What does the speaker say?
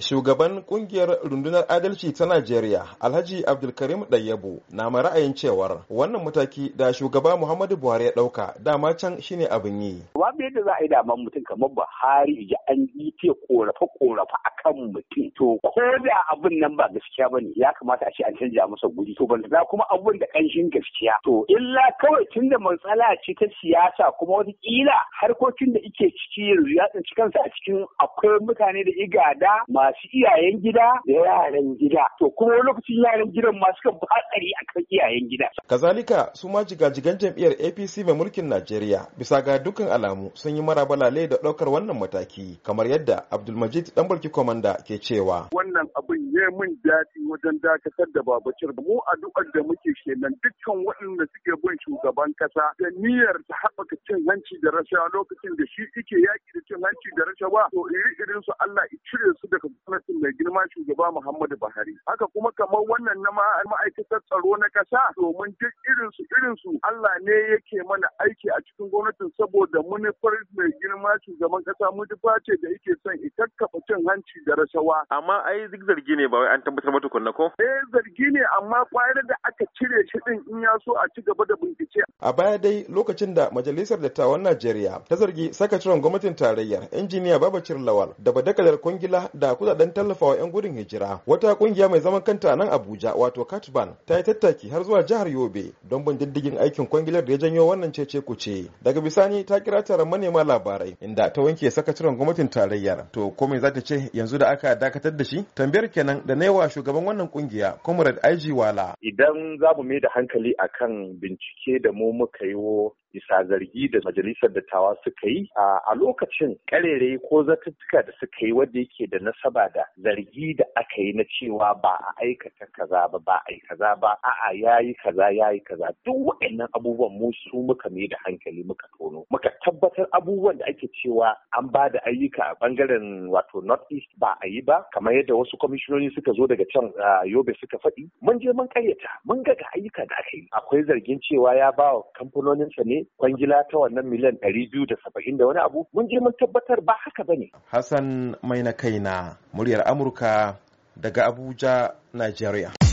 Shugaban kungiyar rundunar adalci ta Najeriya, Alhaji Abdulkarim Dayyabo, na ma ra'ayin cewar wannan mataki da shugaba Muhammadu Buhari ya ɗauka dama can shine abin yi. Babu yadda za a yi dama mutum kamar Buhari ya an yi ce korafe korafa akan mutum. To ko da abin nan ba gaskiya ba ne ya kamata a ce an canja masa guri. To ban kuma abin da kanshin gaskiya. To illa kawai tun da matsala ce ta siyasa kuma wata harkokin da ike ciki yanzu ya tsinci kansa a cikin akwai mutane da igada ma shafi iyayen gida da yaran gida to kuma wani lokacin yaran gidan ma suka hatsari a kan iyayen gida. kazalika su ma jigajigan jam'iyyar apc mai mulkin najeriya bisa ga dukkan alamu sun yi marabalale da ɗaukar wannan mataki kamar yadda abdulmajid ɗanbarki komanda ke cewa. wannan abin ya mun daɗi wajen dakatar da babacir mu addu'ar da muke kenan dukkan waɗanda suke bin shugaban kasa da niyyar ta haɓaka cin hanci da rasha lokacin da shi ike yaƙi da cin hanci da rasha ba? to iri irin su Allah i cire su daga gwamnatin mai girma shugaba Muhammadu Buhari. Haka kuma kamar wannan na ma'aikatar tsaro na ƙasa domin duk irinsu irinsu Allah ne yake mana aiki a cikin gwamnatin saboda manufar mai girma shugaban ƙasa mutufa ce da yake son ikakkafa cin hanci da rasawa. Amma ai zargi ne ba wai an tabbatar na ko? Eh zargi ne amma kwayar da aka cire shi din in ya so a ci gaba da bincike. A baya dai lokacin da Majalisar Dattawan Najeriya ta zargi sakataren gwamnatin tarayyar injiniya Babacir Lawal da badakalar kwangila da kudaden tallafawa 'yan gudun hijira. Wata kungiya mai zaman kanta nan Abuja wato Katban ta yi tattaki har zuwa jihar Yobe don bin diddigin aikin kwangilar da ya janyo wannan cece kuce. Daga bisani ta kira taron manema labarai inda ta wanke sakataren gwamnatin tarayyar. To ko me za ta ce yanzu da aka dakatar da shi? Tambayar kenan da na wa shugaban wannan kungiya Comrade IG Wala. Idan za mu mai da hankali hankali akan bincike da mu muka yi wo bisa zargi da majalisar dattawa suka yi a lokacin karere ko zatuttuka da suka yi wanda yake da nasaba da zargi da aka yi na cewa ba a aikata kaza ba ba a yi kaza ba a'a yi kaza ya yi kaza duk waɗannan abubuwan mu su muka mai da hankali muka tono muka tabbatar abubuwan da ake cewa an ba da ayyuka a bangaren wato north east ba a yi ba kamar yadda wasu kwamishinoni suka zo daga can yobe suka faɗi mun je mun karyata mun ga ayyuka da aka yi akwai zargin cewa ya ba wa kamfanoninsa ne kwangila ta wannan miliyan ɗari biyu da saba'in da wani abu mun je mun tabbatar ba haka ba ne. Hassan mai na kai na muryar Amurka daga Abuja, Najeriya.